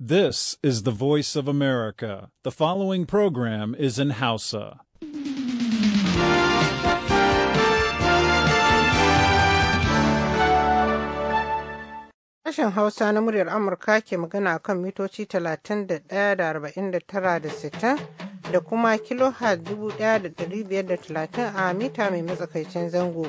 This is the voice of America. The following program is in Hausa. Sashen Hausa na muryar Amurka ke magana kan mitoci 31.49.60 da kuma kilohertz 1530 a mita mai matsakaicin zango.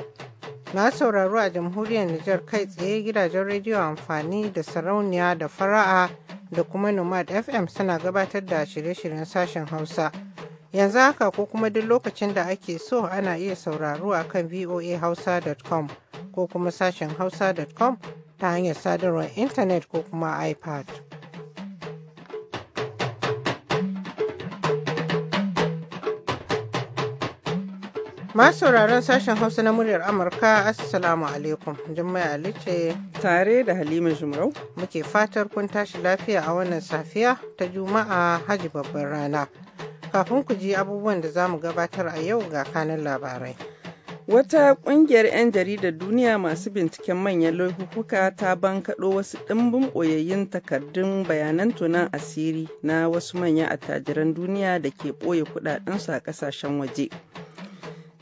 Na sauraro a jamhuriyar Nijar kai tsaye gidajen rediyo amfani da sarauniya da fara'a da kuma nomad fm suna gabatar da shirye-shiryen sashen hausa yanzu haka ko kuma duk lokacin da ake so ana iya sauraro a kan voahausa.com ko kuma sashen hausa.com ta hanyar sadarwar intanet ko kuma ipad. Masu sauraron sashen Hausa na muryar Amurka, Assalamu alaikum. Jummai alice Tare da Halima Jumrau. Muke fatar kun tashi lafiya a wannan safiya ta Juma'a Haji babban rana. Kafin ku ji abubuwan da za mu gabatar a yau ga kanan labarai. Wata ƙungiyar 'yan jaridar duniya masu binciken manyan laifuka ta bankaɗo wasu ɗimbin ɓoyayyun takardun bayanan tunan asiri na wasu manyan attajiran duniya da ke ɓoye kuɗaɗensu a ƙasashen waje.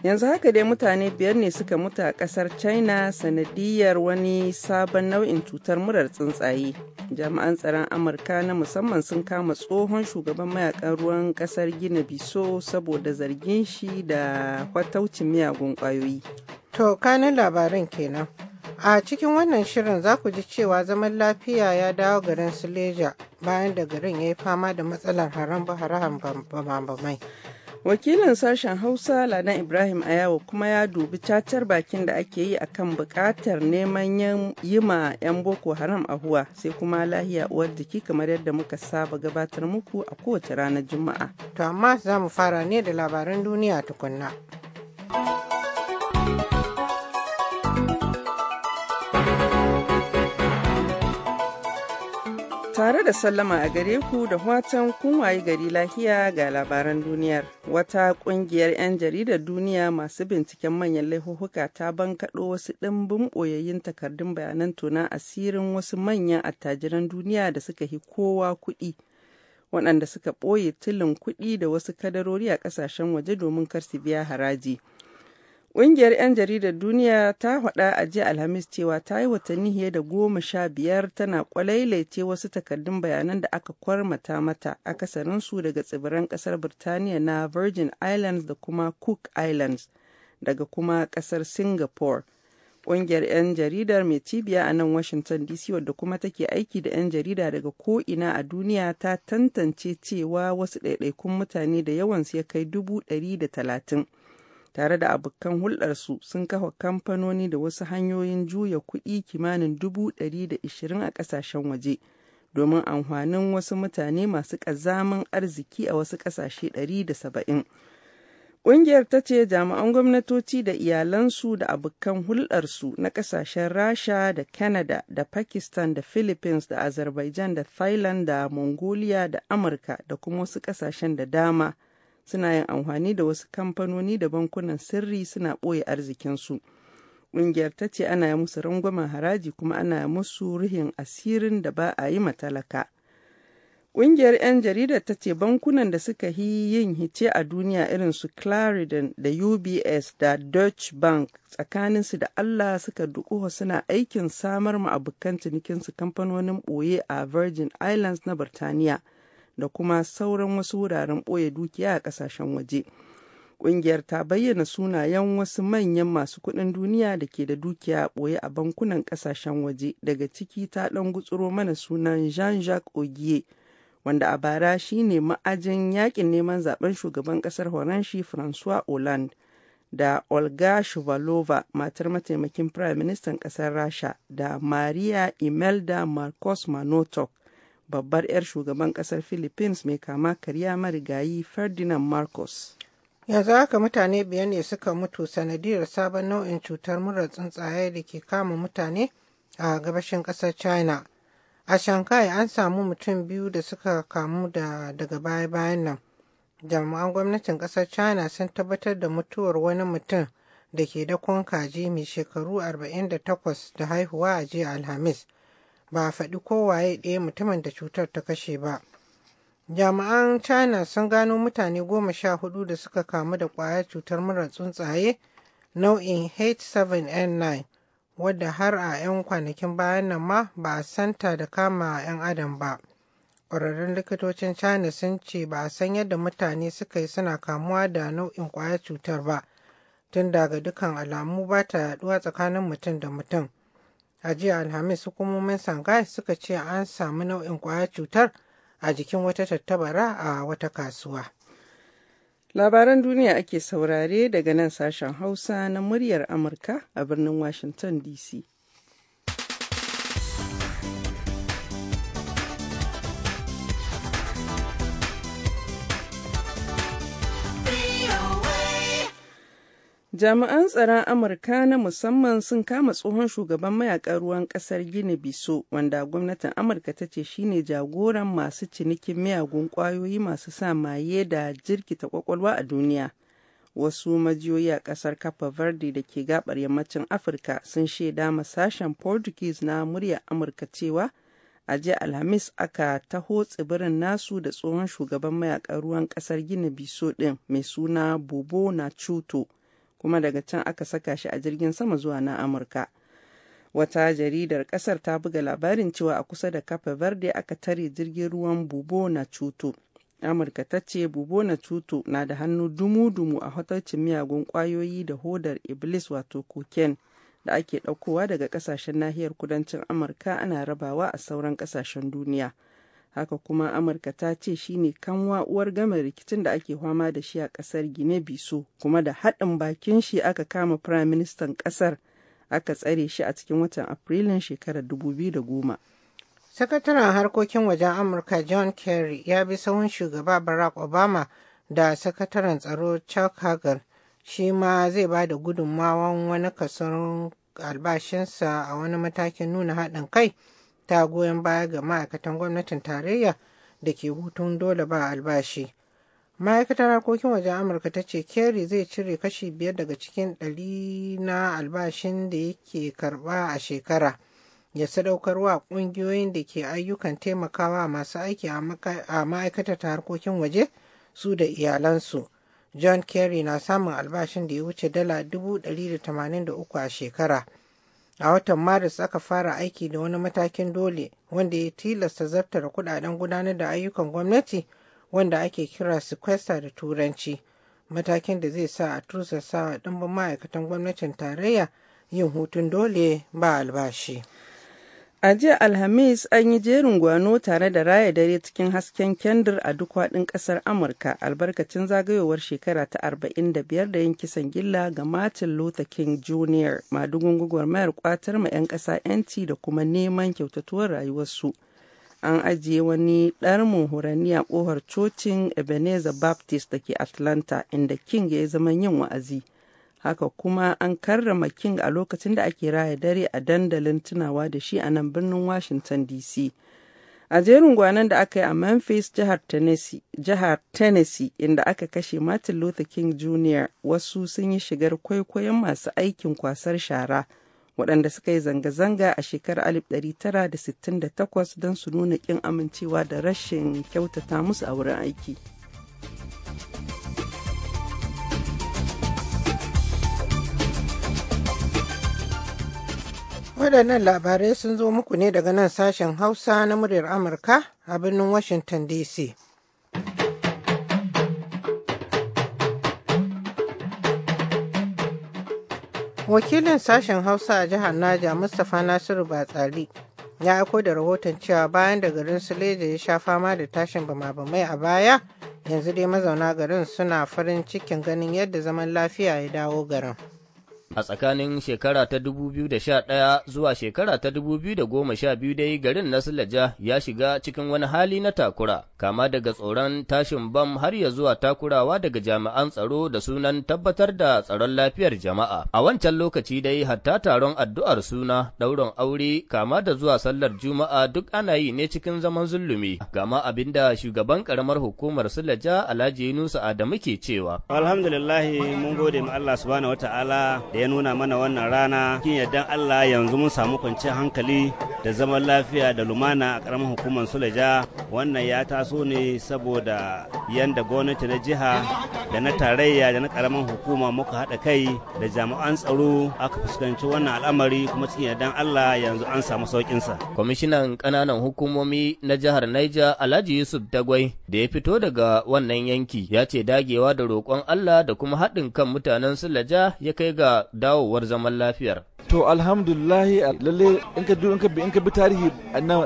yanzu haka dai mutane biyar ne suka mutu a kasar china sanadiyar wani sabon nau'in cutar murar tsuntsaye jami'an tsaron amurka na musamman sun kama tsohon shugaban mayakan ruwan kasar gina biso saboda zargin shi da kwataucin miyagun kwayoyi to kanin labarin kenan a cikin wannan shirin za ku ji cewa zaman lafiya ya dawo garin suleja bayan da garin ya yi fama da matsalar haram-haram mai. wakilin sashen hausa ladan ibrahim ayawa kuma ya dubi cacar bakin da ake yi akan bukatar neman yi ma 'yan boko haram a huwa sai kuma lahiya uwar jiki kamar yadda muka saba gabatar muku a kowace ranar juma'a to amma za mu fara ne da labaran duniya tukunna Tare da sallama a gare ku da watan kun gari lafiya ga labaran duniyar. Wata kungiyar 'yan jaridar duniya masu binciken manyan laifuka ta bankaɗo wasu ɗimbin ɓoyayyun takardun bayanan tona asirin wasu manyan attajiran duniya da suka hi kowa kuɗi. Waɗanda suka ɓoye tilin kuɗi da wasu kadarori a ƙasashen waje domin kar su biya haraji. Ƙungiyar 'yan jaridar duniya ta haɗa a jiya Alhamis cewa ta yi watanni fiye da goma sha biyar tana kwalailaice wasu takardun bayanan da aka kwarmata mata akasarin su daga tsibiran ƙasar Birtaniya na Virgin Islands da kuma Cook Islands daga kuma ƙasar Singapore. Ƙungiyar 'yan jaridar mai cibiya a nan Washington DC wadda kuma take aiki da 'yan jarida daga ko'ina a duniya ta tantance cewa wasu ɗaiɗaikun mutane da yawansu ya kai dubu ɗari da talatin. tare da abokan hulɗarsu sun kafa kamfanoni da wasu hanyoyin juya kuɗi kimanin dubu ɗari da ishirin a ƙasashen waje domin amfanin wasu mutane masu ƙazamin arziki a wasu ƙasashe ɗari da saba'in. Ƙungiyar ta ce jami'an gwamnatoci da iyalansu da abokan hulɗarsu na ƙasashen Rasha da Canada da Pakistan da Philippines da Azerbaijan da Thailand da Mongolia da Amurka da kuma wasu ƙasashen da dama suna yin amfani da wasu kamfanoni da bankunan sirri suna ɓoye arzikinsu. Ƙungiyar ta ce ana yi musu rangwamen haraji kuma ana yi musu ruhin asirin da ba a yi matalaka. Ƙungiyar 'yan jaridar ta ce bankunan da suka yi yin hice a duniya irin su Clarendon da UBS da Deutsche Bank tsakaninsu da Allah suka dukuwa suna aikin samar ma abokan cinikinsu kamfanonin ɓoye a Virgin Islands na Birtaniya. da kuma sauran wasu wuraren ɓoye dukiya a ƙasashen waje. Ƙungiyar ta bayyana sunayen wasu manyan masu kuɗin duniya da ke da dukiya a ɓoye a bankunan ƙasashen waje daga ciki ta ɗan gutsuro mana sunan Jean-Jacques Ogier wanda a bara shi ne ma'ajin yaƙin neman zaben shugaban ƙasar Horanshi Francois Hollande. da Olga Shuvalova matar mataimakin Prime Ministan ƙasar Rasha da Maria Imelda Marcos Manotok babbar 'yar shugaban kasar philippines mai kama karya marigayi ferdinand marcos yanzu haka mutane biyar ne suka mutu sanadiyar sabon nau'in cutar mura tsuntsaye da ke kama mutane a gabashin kasar china a shanghai an samu mutum biyu da suka kamu da daga baya-bayan nan jami'an gwamnatin kasar china sun tabbatar da mutuwar wani mutum da ke dakon kaji mai shekaru 48 da haihuwa a jiya alhamis ba a faɗi kowaye ɗaya mutumin da cutar ta kashe ba. Jami'an China sun gano mutane goma sha hudu da suka kamu da ƙwayar cutar mura tsuntsaye nau'in H7N9 wadda har a 'yan kwanakin bayan nan ma ba a santa da kama 'yan adam ba. Ƙwararrun likitocin China sun ce ba a san yadda mutane suka yi suna kamuwa da nau'in ƙwayar cutar ba, tun daga dukkan alamu ba ta yaduwa tsakanin mutum da mutum. a jiya alhamis hukumomin sangai suka ce an samu nau'in kwayar cutar a jikin wata tattabara a wata kasuwa labaran duniya ake saurare daga nan sashen hausa na muryar amurka a birnin washington dc Jami'an tsaron Amurka na musamman sun kama tsohon shugaban mayakan ruwan kasar Gini Biso wanda gwamnatin Amurka ta ce shine jagoran masu cinikin miyagun kwayoyi masu sa maye da jirkita kwakwalwa a duniya. Wasu majiyoyi a kasar Cape Verde da ke gabar yammacin Afirka sun shaida ma sashen Portuguese na muryar Amurka cewa a jiya Alhamis aka taho tsibirin nasu da tsohon shugaban mayakan ruwan kasar Gini Biso din mai suna Bobo na Chuto. kuma daga can aka saka shi a jirgin sama zuwa na amurka wata jaridar kasar ta buga labarin cewa a kusa da cape verde aka tare jirgin ruwan bubo na cuto amurka ta ce bubo na cuto na da hannu dumu-dumu a hotocin miyagun kwayoyi da hodar iblis wato cocaine da ake ɗaukowa daga ƙasashen nahiyar kudancin amurka ana rabawa a sauran ƙasashen duniya haka kuma amurka ta ce shine kanwa uwar gama rikicin da ake fama da shi a kasar gine biso kuma da haɗin bakin shi aka kama prime ministan kasar aka tsare shi a cikin watan afrilun shekarar 2010 sakataren harkokin wajen amurka john kerry ya bi sahun shugaba barack obama da sakataren tsaro chuck hagel shi ma zai ba da gudunmawan wani kasar albashinsa a wani matakin nuna haɗin kai ta goyon baya ga ma'aikatan gwamnatin tarayya da ke hutun dole ba albashi. Ma'aikatar harkokin wajen Amurka ta ce Kerry zai cire kashi biyar daga cikin ɗari na albashin da yake karɓa a shekara. Ya sadaukar wa ƙungiyoyin da ke ayyukan taimakawa masu aiki a ma'aikatar harkokin waje su da iyalansu. John Kerry na samun albashin da ya wuce dala dubu ɗari da tamanin da uku a shekara. a watan maris aka fara aiki da wani matakin dole wanda ya tilasta zartar kudaden gudanar da ayyukan gwamnati wanda ake kira sequesta da turanci matakin da zai sa a tursasa dimbin ma'aikatan gwamnatin tarayya yin hutun dole ba albashi A jiya Alhamis an yi jerin gwano tare da raya dare cikin hasken kendir a duk faɗin ƙasar Amurka albarkacin zagayowar shekara ta 45 da yin kisan gilla ga Martin Luther King Jr. madugun gwagwarmayar kwatar ma 'yan ƙasa 'yanci da kuma neman kyautatuwar rayuwarsu. An ajiye wani ɗar muhurani a ƙohar cocin Ebenezer Baptist da ke Atlanta inda King ya yi zaman yin wa'azi. haka kuma an karrama king a lokacin da ake raya dare a dandalin tunawa da shi a nan birnin washington dc a jerin gwanan da aka yi a memphis jihar tennessee, jihar tennessee inda aka kashe martin luther king jr wasu sun yi shigar kwaikwayon masu aikin kwasar shara waɗanda suka yi zanga-zanga a shekarar 1968 don su nuna ƙin amincewa da rashin kyautata musu a wurin aiki. waɗannan labarai sun zo muku ne daga nan sashen Hausa na muryar Amurka a birnin Washington DC. Wakilin sashen Hausa a jihar Naja Mustapha Nasiru Batsali ya aiko da rahoton cewa bayan da garin Suleja ya sha fama da tashin bama-bamai a baya, yanzu dai mazauna garin suna farin cikin ganin yadda zaman lafiya ya dawo garin. A tsakanin shekara ta 2011 zuwa shekara ta 2012 dai garin na Sulaja ya shiga cikin wani hali na takura, kama daga tsoron tashin bam har ya zuwa takurawa daga jami'an tsaro da sunan tabbatar da tsaron lafiyar jama'a. A wancan lokaci dai hatta taron addu'ar suna, ɗaurin aure, kama da zuwa sallar juma'a duk ana yi ne cikin zaman zulumi. Gama abin da shugaban karamar hukumar Sulaja Alhaji Yunusa Adamu ke cewa. Alhamdulillah mun gode ma Allah subhanahu wataala da ya nuna mana wannan rana kin yardan Allah yanzu mun samu kwanciyar hankali da zaman lafiya da lumana a karamar hukumar Suleja wannan ya taso ne saboda yanda gwamnati na jiha da na tarayya da na karamin hukuma muka haɗa kai da jami'an tsaro aka fuskanci wannan al'amari kuma cikin yardan Allah yanzu an samu saukin sa Kwamishinan kananan hukumomi na jihar Niger Alhaji Yusuf Dagwai da ya fito daga wannan yanki ya ce dagewa da roƙon Allah da kuma haɗin kan mutanen Sulaja ya kai ga dawowar zaman lafiyar. To alhamdulahi lalle in ka in bi in ka tarihi nan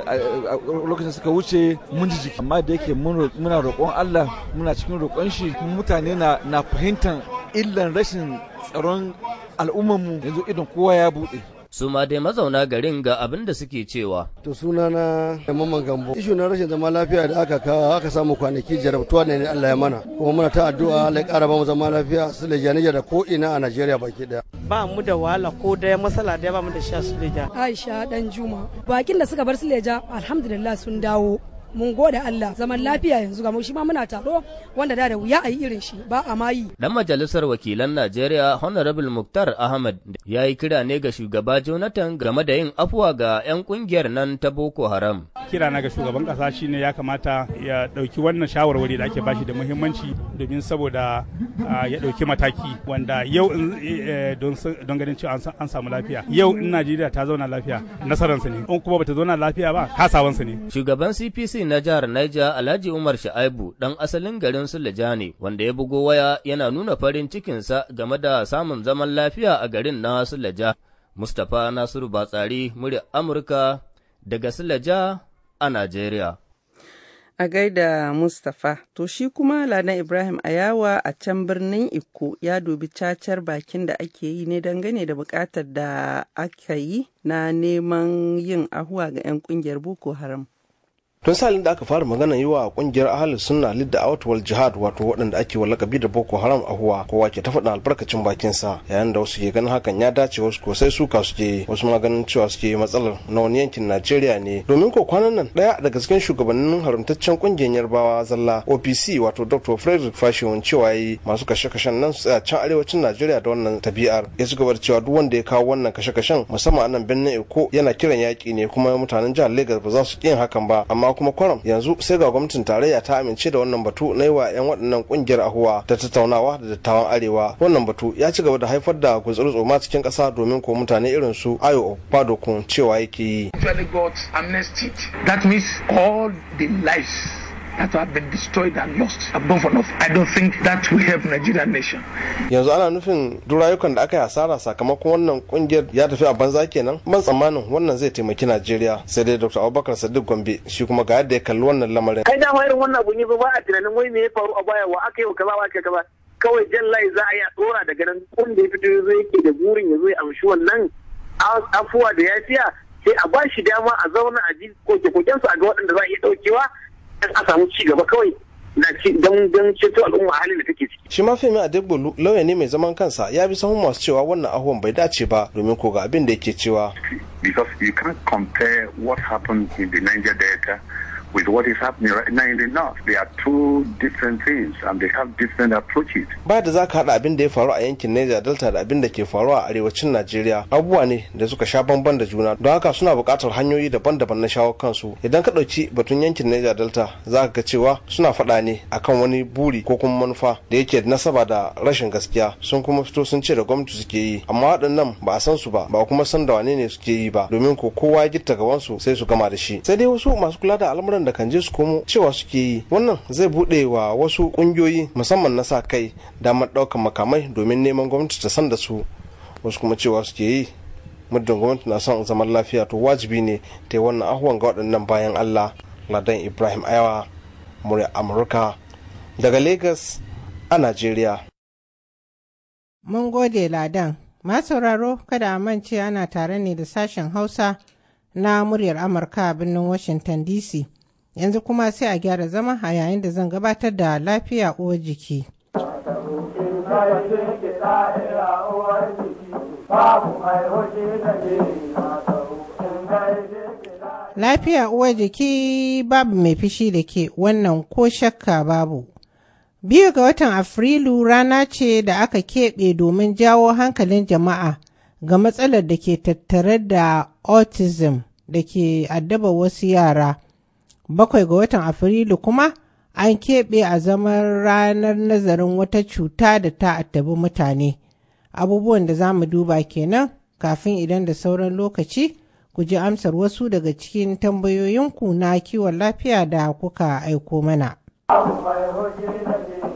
lokacin suka wuce mun ji jiki amma da yake muna roƙon Allah muna cikin roƙon shi mutane na fahimtar illan rashin tsaron al'ummarmu yanzu idan kowa ya buɗe. su ma dai mazauna garin ga abin da suke cewa. To sunana na mamman gambo. Ishu na rashin zama lafiya da aka kawo aka samu kwanaki jarabtuwa ne Allah ya mana. Kuma muna ta addu'a Allah ya ƙara ba mu zama lafiya su da janija da ko ina a Najeriya baki daya. Ba mu da wahala ko daya masala daya ba mu da sha su Aisha dan Juma. Bakin da suka bar su alhamdulillah sun dawo. mun gode Allah zaman lafiya yanzu mu shi ma muna taro wanda da da wuya a yi irin shi ba a mayi. Dan majalisar wakilan Najeriya Honorable Muktar Ahmad ya yi kira ne ga shugaba Jonathan game da yin afuwa ga 'yan kungiyar nan ta Boko Haram. Kira na ga shugaban kasa shine ya kamata ya dauki wannan shawarwari da ake bashi da muhimmanci domin saboda ya dauki mataki wanda yau e, e, don ganin cewa an samu lafiya. Yau in Najeriya ta zauna lafiya nasararsa ne. In kuma bata zauna lafiya ba kasawansa ne. Shugaban CPC Wakili na jihar Niger Alhaji Umar Sha'aibu ɗan asalin garin Suleja ne wanda ya bugo waya yana nuna farin cikinsa game da samun zaman lafiya a garin na Suleja. Mustapha Nasiru Batsari murya Amurka daga Suleja a Najeriya. a gaida Mustapha. To shi kuma Lana Ibrahim Ayawa a can birnin Ikko ya dubi cacar bakin da ake yi ne dangane da bukatar da aka yi na neman yin ahuwa ga 'yan kungiyar Boko Haram. tun salin da aka fara magana yi wa kungiyar ahalin sunna lidda wal jihad wato waɗanda ake wa lakabi da boko haram a huwa kowa ke ta faɗin albarkacin bakin sa yayin da wasu ke ganin hakan ya dace wasu ko sai suka suke wasu ma ganin cewa suke matsalar na wani yankin najeriya ne domin ko kwanan nan daya daga cikin shugabannin haramtaccen kungiyar yarbawa zalla opc wato dr frederick fashion cewa yi masu kashe-kashen nan su tsaya can arewacin najeriya da wannan tabi'ar ya ci gaba cewa duk wanda ya kawo wannan kashe-kashen musamman a nan birnin eko yana kiran yaƙi ne kuma mutanen jihar lagos ba za su ƙin hakan ba amma kuma kwaram yanzu sai ga gwamnatin tarayya ta amince da wannan batu na yi wa 'yan waɗannan ƙungiyar ahuwa ta tattaunawa da dattawan arewa wannan batu ya ci gaba da haifar da gutsuru tsoma cikin ƙasa domin ko mutane irin su ayo okpadokun cewa yake yi. That means that have been destroyed and lost above for nothing. I don't think that will help Nigerian nation. Yanzu ana nufin durayukan da aka yi asara sakamakon wannan kungiyar ya tafi a banza kenan. Ban tsammanin wannan zai taimaki Najeriya. Sai dai Dr. Abubakar Sadiq Gombe shi kuma ga yadda ya kalli wannan lamarin. Kai dama irin wannan abun yi ba a tunanin wai me ya faru a baya wa aka yi wa kaza wa aka kaza. Kawai jan layi za a yi a tsora daga nan wanda ya fito zai yake da burin ya zo ya amshi wannan afuwa da yafiya sai a ba shi dama a zauna a ji koke-kokensu a ga waɗanda za a iya ɗaukewa a samu ci gaba kawai don ceto al'umma halin da take ciki. Shi ma Femi Adegbolu lauya ne mai zaman kansa ya bi sahun masu cewa wannan ahuwan bai dace ba domin ko ga abin da yake cewa. Because you can't compare what happened in the Niger Delta with what is happening right now in the north. They are two different things and they have different approaches. Ba da za ka haɗa abin da ya faru a yankin Niger Delta da abin da ke faruwa a arewacin Najeriya abubuwa ne da suka sha bamban da juna don haka suna buƙatar hanyoyi daban-daban na shawo kansu. Idan ka ɗauki batun yankin Niger Delta za ka ga cewa suna faɗa ne akan wani buri ko kuma manufa da yake da nasaba da rashin gaskiya sun kuma fito sun ce da gwamnati suke yi amma waɗannan ba a san su ba ba kuma san da wane ne suke yi ba domin ko kowa ya gitta gabansu sai su gama da shi. Sai dai wasu masu kula da al'amuran da kan je su komo cewa suke yi wannan zai buɗe wa wasu ƙungiyoyi musamman na sa kai damar ɗaukar makamai domin neman gwamnati ta san da su wasu kuma cewa suke yi muddin gwamnati na son zaman lafiya to wajibi ne ta yi wannan ahuwan ga waɗannan bayan allah ladan ibrahim ayawa murya amurka daga lagos a najeriya mun gode ladan sauraro kada a mance ana tare ne da sashen hausa na muryar amurka a birnin washington dc Yanzu kuma sai a gyara zama a yayin da zan gabatar da lafiya uwar jiki. Lafiya uwar jiki babu mai fishi da ke wannan ko shakka babu. Biyu ga watan Afrilu rana ce da aka keɓe domin jawo hankalin jama'a ga matsalar da ke tattare da autism da ke addaba wasu yara bakwai ga watan afrilu kuma an keɓe a zaman ranar nazarin wata cuta da ta attabi mutane abubuwan da za mu duba kenan kafin idan da sauran lokaci ku ji amsar wasu daga cikin tambayoyinku na kiwon lafiya da kuka aiko mana.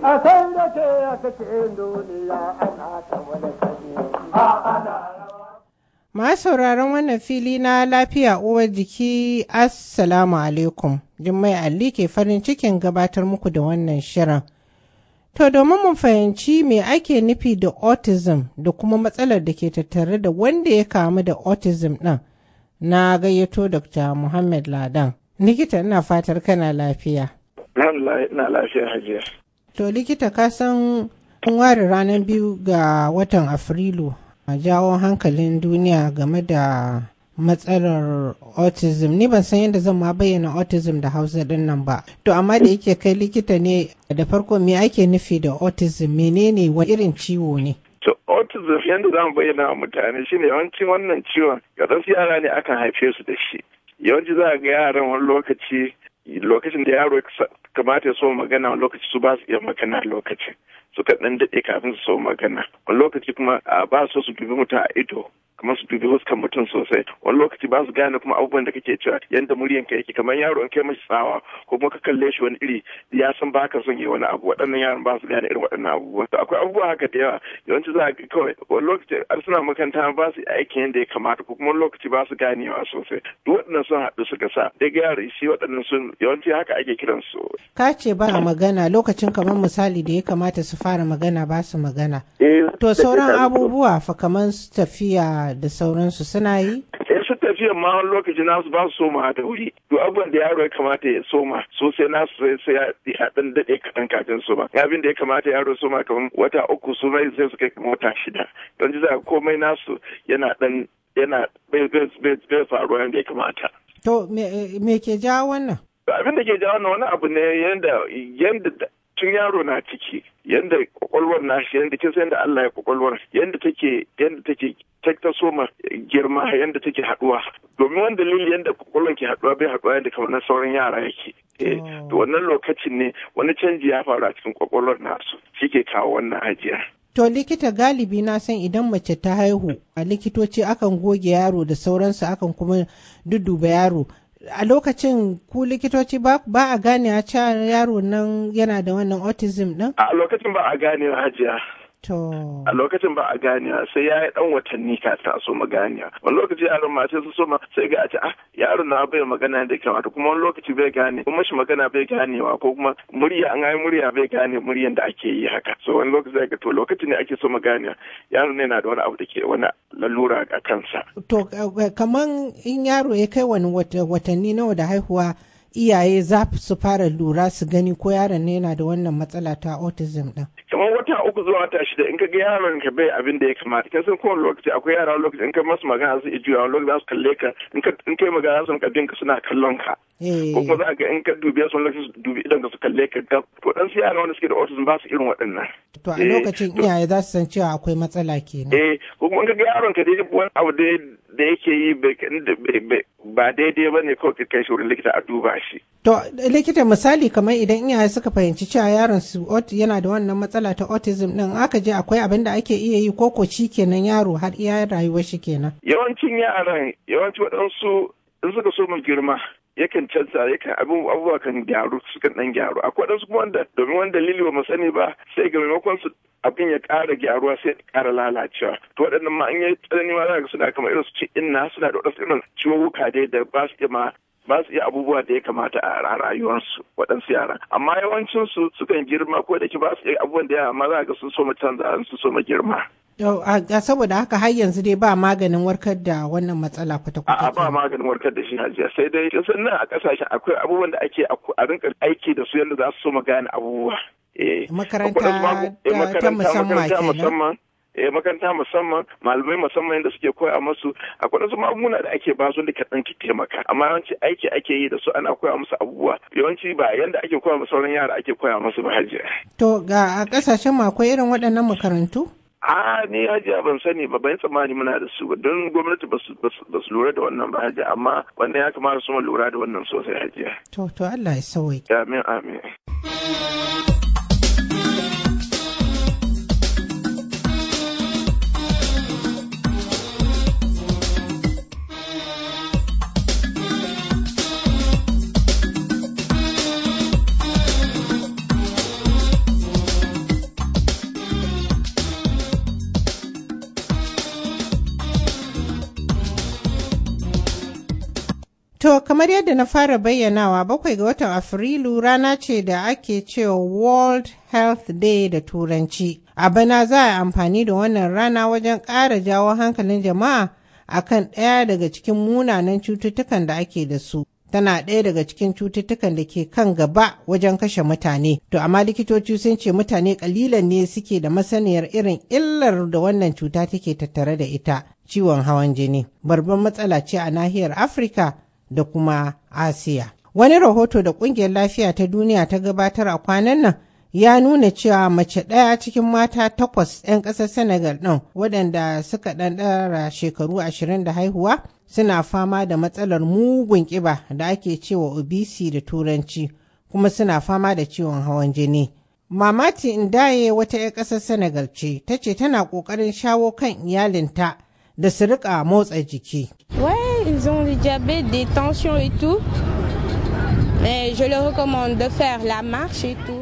a da ke ya kace duniya ana ta wani Ma sauraron wannan fili na lafiya uwar jiki Assalamu alaikum. Jummai Alli ke farin cikin gabatar muku da wannan shirin. To domin mu fahimci me ake nufi da autism da kuma matsalar da ke tattare da wanda ya kamu da autism ɗin na gayyato Dr. Muhammad Ladan. Likita ina fatar kana lafiya. Ina lafiya hajiya. To likita ka san ware ranar biyu ga watan Afrilu a jawo hankalin duniya game da matsalar autism ni ban san yadda zan ma bayyana autism da hausa din nan ba to amma da yake kai likita ne da farko me ake nufi da autism menene wani irin ciwo ne to autism yadda zamu bayyana wa mutane shine yawancin wannan ciwon ga yara ne akan haife su da shi yawanci za ga yaran wani lokaci lokacin da yaro kamata ya so magana wani lokaci su ba su iya magana lokacin suka ɗan daɗe kafin su so magana wani lokaci kuma a ba su su dubi mutum a ido kamar su dubi huskan mutum sosai wani lokaci ba su gane kuma abubuwan da kake cewa yanda muryanka yake kamar yaro in kai mashi tsawa ko kuma ka kalle shi wani iri ya san ba ka son yi wani abu waɗannan yaran ba su gane irin waɗannan abubuwa to akwai abubuwa haka da yawa yawanci za ga kawai wani lokaci an suna makaranta ba su aikin yadda ya kamata ko kuma wani lokaci ba su ganewa sosai duk waɗannan sun haɗu suka sa da ga yara shi waɗannan sun yawanci haka ake kiransu. ka ce ba magana lokacin kamar misali da ya kamata su fara magana ba su magana. Eh, to sauran abubuwa fa kamar su tafiya da sauransu suna yi? Eh su tafiya ma wani lokaci na su ba su soma da wuri. To abubuwan da yaro ya kamata ya soma sosai na su sai ya dan daɗe kaɗan kafin soma. Abin da ya kamata yaro soma kamar wata uku su mai sai su kai wata shida. Don ji za komai nasu yana ɗan, yana bai faruwa yadda ya kamata. To me ke jawo wannan? abin da ke jawo wannan wani abu ne yadda tun yaro na ciki yanda kwakwalwar shi yanda kin sayan da Allah ya kwakwalwar yanda take yanda take ta soma girma yanda take haduwa domin wanda lili yanda kwakwalwar ke haduwa bai haduwa yanda kamar na sauran yara yake eh, to oh. wannan lokacin ne wani canji ya faru a cikin kwakwalwar na nasu shike kawo wannan ajiya To likita galibi na san idan mace ta haihu a likitoci akan goge yaro da sauransu akan kuma duduba yaro a lokacin ku likitoci ba a gane a yaro nan yana da wannan autism din? A lokacin ba a gane hajiya. A lokacin ba a ganiya sai ya yi ɗan watanni kafin a so maganiya. Wani lokaci yaron ma sai su so ma sai ga a ce ah yaron na bai magana da kyau kuma wani lokaci bai gane kuma shi magana bai ganewa ko kuma murya an yi murya bai gane muryan da ake yi haka. So wani lokaci zai ga to lokacin ne ake so maganiya yaron ne na da wani abu da ke wani lalura a kansa. To eh, kaman in yaro ya kai wani watanni nawa da haihuwa iyaye za su fara lura su gani ko yaron ne yana da wannan matsala ta autism din kamar wata uku zuwa wata shida in ka ga yaron ka bai abin da ya kamata ka san kowane lokaci akwai yara lokaci in ka masu magana su ijiya wani lokaci za su kalle ka in ka yi magana su ka suna kallon ka Eh. ko kuma za ga in ka dubi su lokacin su dubi idan ka su kalle ka ga to dan su yara wanda suke da autism ba su irin waɗannan to a lokacin eh, iyaye za su san cewa akwai matsala kenan eh ko kuma in ka ga yaron ka dai wani abu da yake yi ba daidai ba ne kawai kai shi wurin likita a duba shi to likita misali kamar idan iyaye suka fahimci cewa yaron su yana da wannan matsala ta autism din aka je akwai abin da ake iya yi ko ko shi kenan yaro har iya rayuwar shi kenan yawancin yaran yawancin waɗansu in suka so mu girma yakan canza yakan abin abubuwa kan gyaru sukan dan gyaru akwai wadansu kuma wanda domin wani dalili ba mu sani ba sai ga maimakon su abin ya ƙara gyaruwa sai ya ƙara lalacewa to waɗannan ma an yi tsanani ma za suna kamar irin su ci inna suna da wadansu irin ciwuka dai da ba su iya ma ba su iya abubuwa da ya kamata a rayuwarsu waɗansu yara amma yawancinsu sukan girma ko da ke ba su iya abubuwan da yawa amma za ka sun so mu canza sun so mu girma saboda haka har yanzu dai ba maganin warkar da wannan matsala kwata-kwata. A ba maganin warkar da shi hajiya sai dai sun nan a kasashen akwai abubuwan da ake a rinka aiki da su yadda za su so mu gane abubuwa. Eh, makaranta eh, ta musamman eh makaranta musamman malamai musamman yadda suke koya musu akwai wasu magunguna da ake ba su da kaɗan ki taimaka amma yawanci aiki ake yi da su ana koya musu abubuwa yawanci ba yadda ake koya musu sauran yara ake koya musu ba hajiya. To ga a ƙasashen ma akwai irin waɗannan makarantu? a ni hajiya ban sani ba ban tsammani muna da su ba don gwamnati ba su lura da wannan ba hajiya amma wannan ya kamata su lura da wannan sosai hajiya to to Allah ya sauke amin amin To, kamar yadda na fara bayyanawa bakwai ga watan Afrilu rana ce da ake cewa World Health Day da Turanci. A bana za a amfani da wannan rana wajen ƙara jawo hankalin jama'a akan ɗaya daga cikin munanan cututtukan da ake da su. Tana ɗaya daga cikin cututtukan da ke kan gaba wajen kashe mutane. To, amma likitoci sun ce mutane ƙalilan ne suke da masaniyar irin illar da wannan cuta take tattare da ita, ciwon hawan jini. Barban matsala ce a nahiyar Afirka. da kuma Asiya. Wani rahoto da ƙungiyar lafiya ta duniya ta gabatar a kwanan nan ya nuna cewa mace ɗaya cikin mata takwas 'yan ƙasar Senegal ɗin waɗanda suka ɗara shekaru ashirin da haihuwa suna fama da matsalar mugun ƙiba da ake cewa obisi da turanci kuma suna fama da ciwon hawan jini. Mamati Indaye wata 'yan ƙasar Senegal ce, ta ce tana ƙoƙarin shawo kan iyalinta da su riƙa motsa jiki. Wai ils ont du diabète, des tensions et tout. Mais je leur recommande de faire la marche et tout.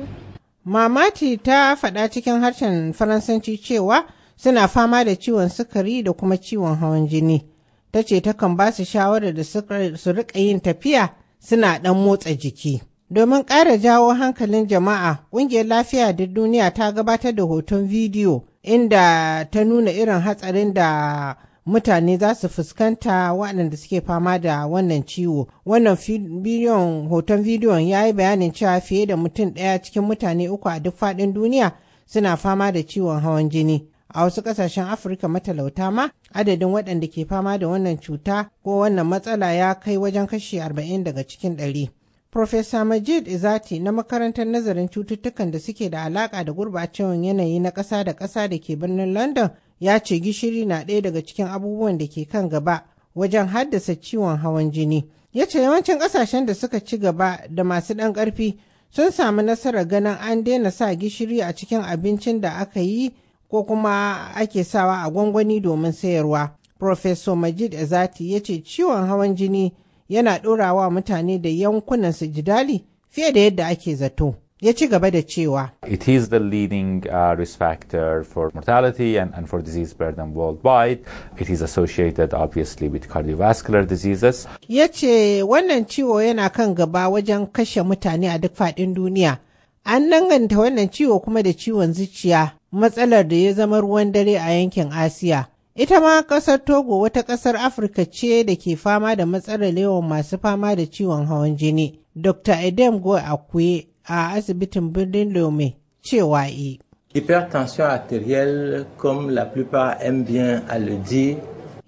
Mamati ta faɗa cikin harshen Faransanci cewa suna fama da ciwon sukari da kuma ciwon hawan jini. Ta ce takan ba su shawarar da su riƙa yin tafiya suna ɗan motsa jiki. Domin ƙara jawo hankalin jama'a, ƙungiyar lafiya da duniya ta gabatar da hoton bidiyo inda ta nuna irin hatsarin da mutane za su fuskanta waɗanda suke fama da wannan ciwo wannan bidiyon hoton bidiyon ya yi bayanin cewa fiye da mutum ɗaya cikin mutane uku a duk faɗin duniya suna fama da ciwon hawan jini a wasu ƙasashen afirka matalauta ma adadin waɗanda ke fama da wannan cuta ko wannan matsala ya kai wajen kashi arba'in daga cikin ɗari. Profesa Majid Izati na makarantar nazarin cututtukan da suke da alaƙa da gurbacewan yanayi na ƙasa da ƙasa da ke birnin London ya ce gishiri na ɗaya daga cikin abubuwan da ke kan gaba wajen haddasa ciwon hawan jini. Ya ce yawancin ƙasashen da suka ci gaba da masu ɗan ƙarfi sun samu nasarar ganin an daina sa gishiri a cikin abincin da aka yi ko kuma ake sawa a gwangwani domin sayarwa. Professor Majid Ezati ya ce ciwon hawan jini yana ɗorawa mutane da yankunan su jidali fiye da yadda ake zato. ya ci gaba da cewa it is the leading uh, risk factor for mortality and, and for disease burden worldwide it is associated obviously with cardiovascular diseases ya ce wannan ciwo yana kan gaba wajen kashe mutane a duk faɗin duniya an danganta wannan ciwo kuma da ciwon zuciya matsalar da ya zama ruwan dare a yankin asiya ita ma ƙasar togo wata ƙasar afirka ce da ke fama da matsalar yawan masu fama da ciwon hawan jini dr edem go akuye a asibitin birnin Lome cewa e. Hypertension arterielle comme la plupart aiment bien à le dire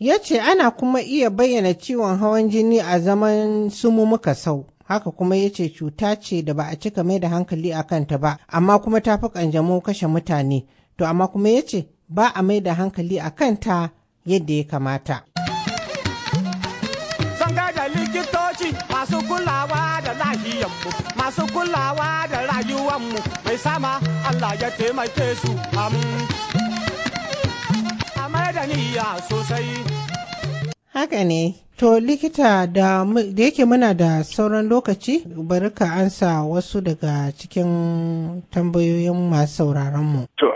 ya ce ana kuma iya bayyana ciwon hawan jini a zaman sumu muka sau haka kuma ya ce cuta ce da ba a cika mai da hankali a kanta ba amma kuma ta fi kanjamau kashe mutane to amma kuma ya ce ba a mai da hankali a kanta yadda ya kamata Sanga da likitoci masu kulawa da lahiyar masu kulawa da rayuwanmu mai sama Allah ya taimake su a da niyya sosai. Haka ne, to likita da yake muna da sauran lokaci bari ka ansa wasu daga cikin tambayoyin masu sauraronmu. To,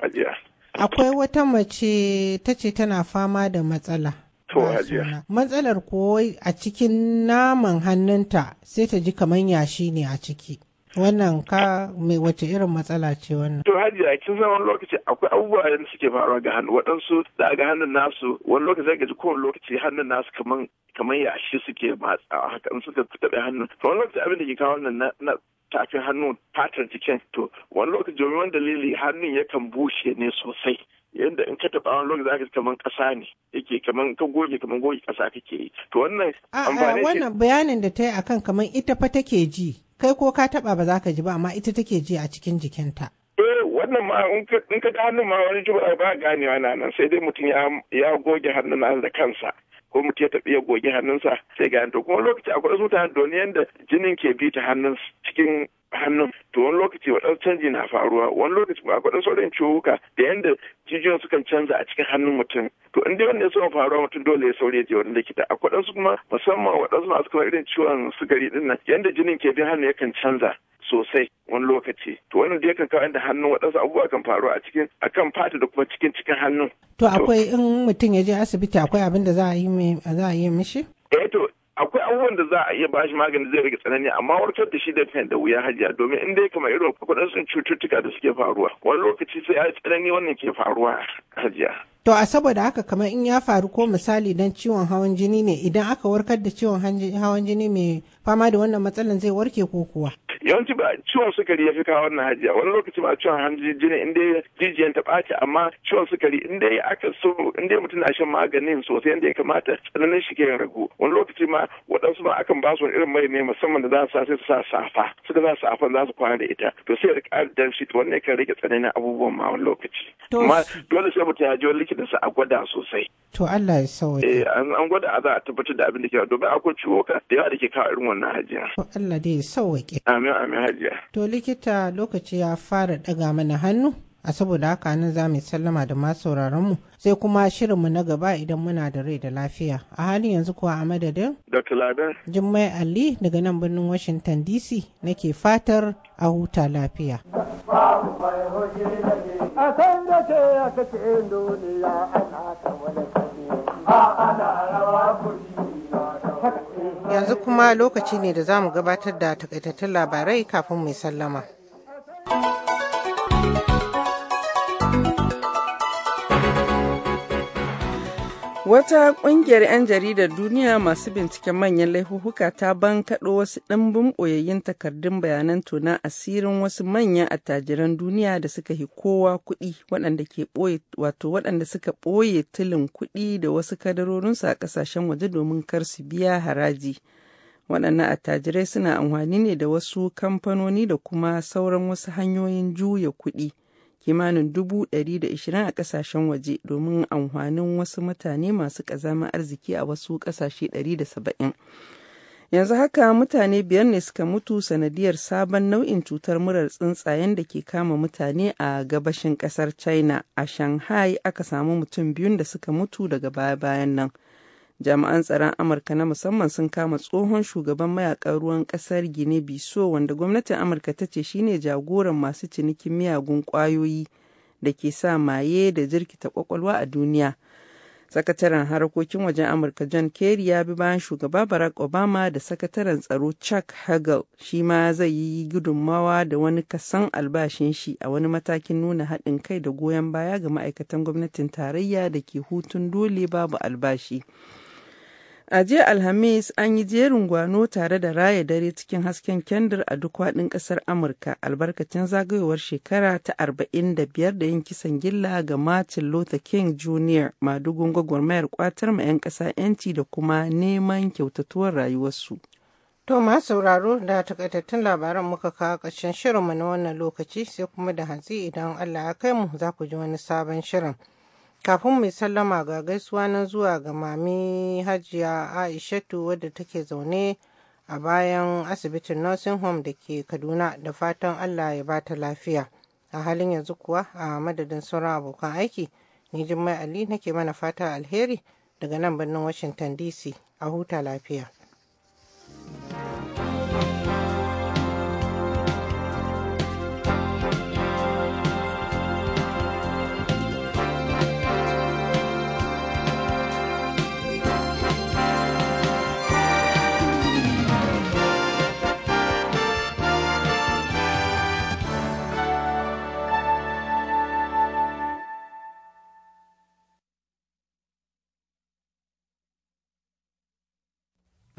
Akwai wata mace ta ce tana fama da matsala. To hajiya. Matsalar kowai a cikin naman hannunta sai ta ji kamar yashi ne a ciki. Wannan ka mai wace irin matsala ce wannan? To hajiya kin san wani lokaci akwai abubuwa da suke faruwa ga hannu waɗansu da ga hannun nasu wani lokaci zai gaji kowane lokaci hannun nasu kamar kamar yashi suke matsawa haka in suka taɓa hannun. To wani lokaci abin da ke kawo wannan na tafin hannun fatar jikin to wani lokaci domin wani dalili hannun yakan bushe ne sosai. yadda in ka taɓa wani lokaci zaka kaman ƙasa ne yake kaman ka goge kaman goge ƙasa kake yi to wannan amfani wannan bayanin da ta yi akan kaman ita fa take ji kai ko ka taɓa ba za ka ji ba amma ita take ji a cikin jikinta eh wannan ma in ka ga hannun ma wani jiba ba ganewa na nan sai dai mutum ya goge hannun nan da kansa ko mutum ya taɓa ya goge hannunsa sai ga to kuma lokaci akwai wasu mutane da wani yanda jinin ke bi ta hannun cikin hannun to wani lokaci waɗansu canji na faruwa wani lokaci ba akwai sauran ciwuka da yadda jijiyoyin sukan canza a cikin hannun mutum to in dai wanda ya saba faruwa mutum dole ya saurin je wurin likita akwai su kuma musamman waɗansu masu kamar irin ciwon sukari ɗin nan yadda jinin ke bin hannu yakan canza sosai wani lokaci to wannan da yakan kawo inda hannun waɗansu abubuwa kan faru a cikin akan fata da kuma cikin cikin hannun to akwai in mutum ya je asibiti akwai abin da za a yi za a yi mishi eh to akwai abubuwan da za a iya bashi magani zai rage tsanani amma warkar da shi da da wuya hajiya domin in dai kamar irin sun cututtuka da suke faruwa wani lokaci sai ya tsanani wannan ke faruwa hajiya. To a saboda haka kamar in ya faru ko misali don ciwon hawan jini ne idan aka warkar da ciwon hawan jini mai fama da wannan matsalan zai warke ko kuwa yawanci ba ciwon sukari ya fi kawo wannan hajiya wani lokaci ba ciwon hanji jini inda jijiyan ta ɓaci amma ciwon sukari inda ya aka so inda ya mutum na shan maganin sosai inda ya kamata tsananin shi ke ragu wani lokaci ma waɗansu ma akan ba su wani irin mai ne musamman da za su sa su sa safa suka sa safan za su kwana da ita to sai da ƙara shi to wannan kan rage tsananin abubuwan ma wani lokaci amma dole sai mutum ya je wani sa a gwada sosai to Allah ya sauya eh an gwada a za a tabbatar da abin da ke domin akwai ciwo da yawa da ke kawo irin wannan wannan hajiya. Allah dai sauwaƙe. Amin amin hajiya. To likita lokaci ya fara ɗaga mana hannu. A saboda haka nan za mu sallama da masu mu sai kuma shirinmu na gaba idan muna da rai da lafiya. A halin yanzu kuwa a madadin? Dr. Ladan. Jummai Ali daga nan birnin Washington DC nake fatar a huta lafiya. A san da ke ce duniya ana ta wani A ana rawa kuri. Yanzu kuma lokaci ne da za mu gabatar da takaitattun labarai kafin mai sallama. Wata ƙungiyar 'yan jaridar duniya masu binciken manyan laifuka ta bankaɗo wasu ɗimbin ɓoyayyun takardun bayanan tona asirin wasu manyan attajiran duniya da suka hi kowa kuɗi waɗanda ke ɓoye wato waɗanda suka ɓoye tilin kuɗi da wasu kadarorinsu a ƙasashen waje domin kar su biya haraji. Waɗannan attajirai suna amfani ne da wasu kamfanoni da kuma sauran wasu hanyoyin juya kuɗi. kimanin dubu ɗari da ishirin a ƙasashen waje domin amfanin wasu mutane masu ƙazamin arziki a wasu ƙasashe ɗari da saba'in. yanzu haka mutane biyar ne suka mutu sanadiyar sabon nau'in cutar murar tsuntsayen da ke kama mutane a gabashin kasar china a shanghai aka samu mutum biyun da suka mutu daga baya bayan nan jami'an tsaron amurka na musamman sun kama tsohon shugaban mayakan ruwan kasar gine biso wanda gwamnatin amurka ta ce shine jagoran masu cinikin miyagun kwayoyi da ke sa maye da jirkita kwakwalwa a duniya sakataren harkokin wajen amurka john kerry ya bi bayan shugaba barack obama da sakataren tsaro chuck hagel shi ma zai yi gudummawa da wani kasan albashin shi a wani matakin nuna haɗin kai da goyon baya ga ma'aikatan gwamnatin tarayya da ke hutun dole babu albashi A jiya Alhamis an yi jerin gwano tare da raya dare cikin hasken kendir a duk faɗin ƙasar Amurka albarkacin zagayowar shekara ta 45 da yin kisan gilla ga Martin Luther King Jr. madugun gwagwarmayar kwatar ma 'yan ƙasa 'yanci da kuma neman kyautatuwar rayuwarsu. To ma sauraro da takaitattun labaran muka kawo ƙarshen shirinmu na wannan lokaci sai kuma da hantsi idan Allah ya kai mu za ku ji wani sabon shirin. Kafin mai sallama ga gaisuwa na zuwa ga mami Hajiya Aishatu wadda take zaune a bayan asibitin nursing home da ke Kaduna da fatan Allah ya ba ta lafiya. A halin yanzu kuwa a madadin sauran abokan aiki, ne Jummai Ali nake mana fata alheri daga nan birnin Washington DC a huta lafiya.